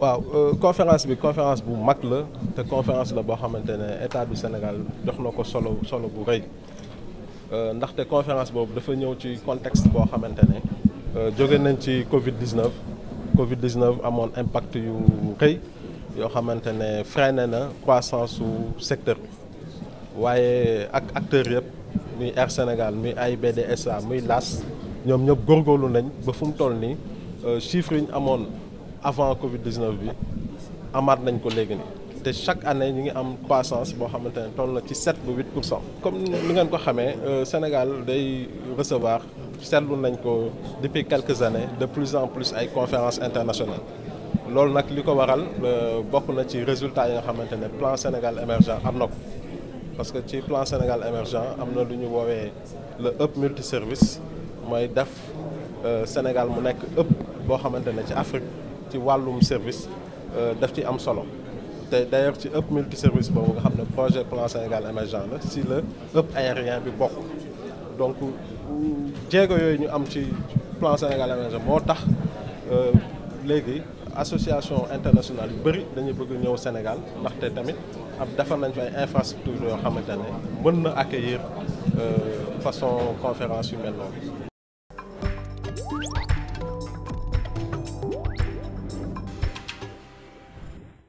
waaw euh, conférence bi conférence bu mag la te conférence la boo xamante ne état du Sénégal jox na ko solo solo bu rëy euh, ndaxte conférence boobu dafa ñëw ci contexte boo xamante ne euh, jóge nañ ci Covid 19 Covid 19 amoon impact yu rëy yoo xamante ne freiné na croissance su secteur bi. waaye ak acteurs yëpp muy Air Sénégal muy AIBDSA muy LAS ñoom ñëpp góorgóorlu nañ ba fu mu toll nii euh, chiffres yi ñu amoon avant Covid 19 bi amaat nañ ko léegi nii te chaque année ñu ngi am passance boo xamante ne toll na ci 7 ba 8 pour cent. comme li ngeen ko xamee euh, Sénégal day recevoir seetlu nañ ko depuis quelques années de plus en plus ay conférences internationales. loolu nag li ko waral euh, bokk na ci résultat yi nga xamante ne plan Sénégal émergent am na ko. parce que ci plan Sénégal émergent am na lu ñu woowee le hub multiservice mooy def euh, Sénégal mu nekk ëpp boo xamante ne ci Afrique ci wàllum service euh, daf ci am solo te d'ailleurs ci ëpp hub service boobu nga xam ne projet plan Sénégal émergent la si la ëpp aérien bi bokk donc jéego yooyu ñu am ci plan Sénégal émergent moo tax euh, léegi association internationale yu bëri dañuy bëgg ñëw Sénégal ndaxte tamit ab defar nañ fa ay infrastructure yoo xamante ne mën na accueillir euh, façon conférence yu mel noonu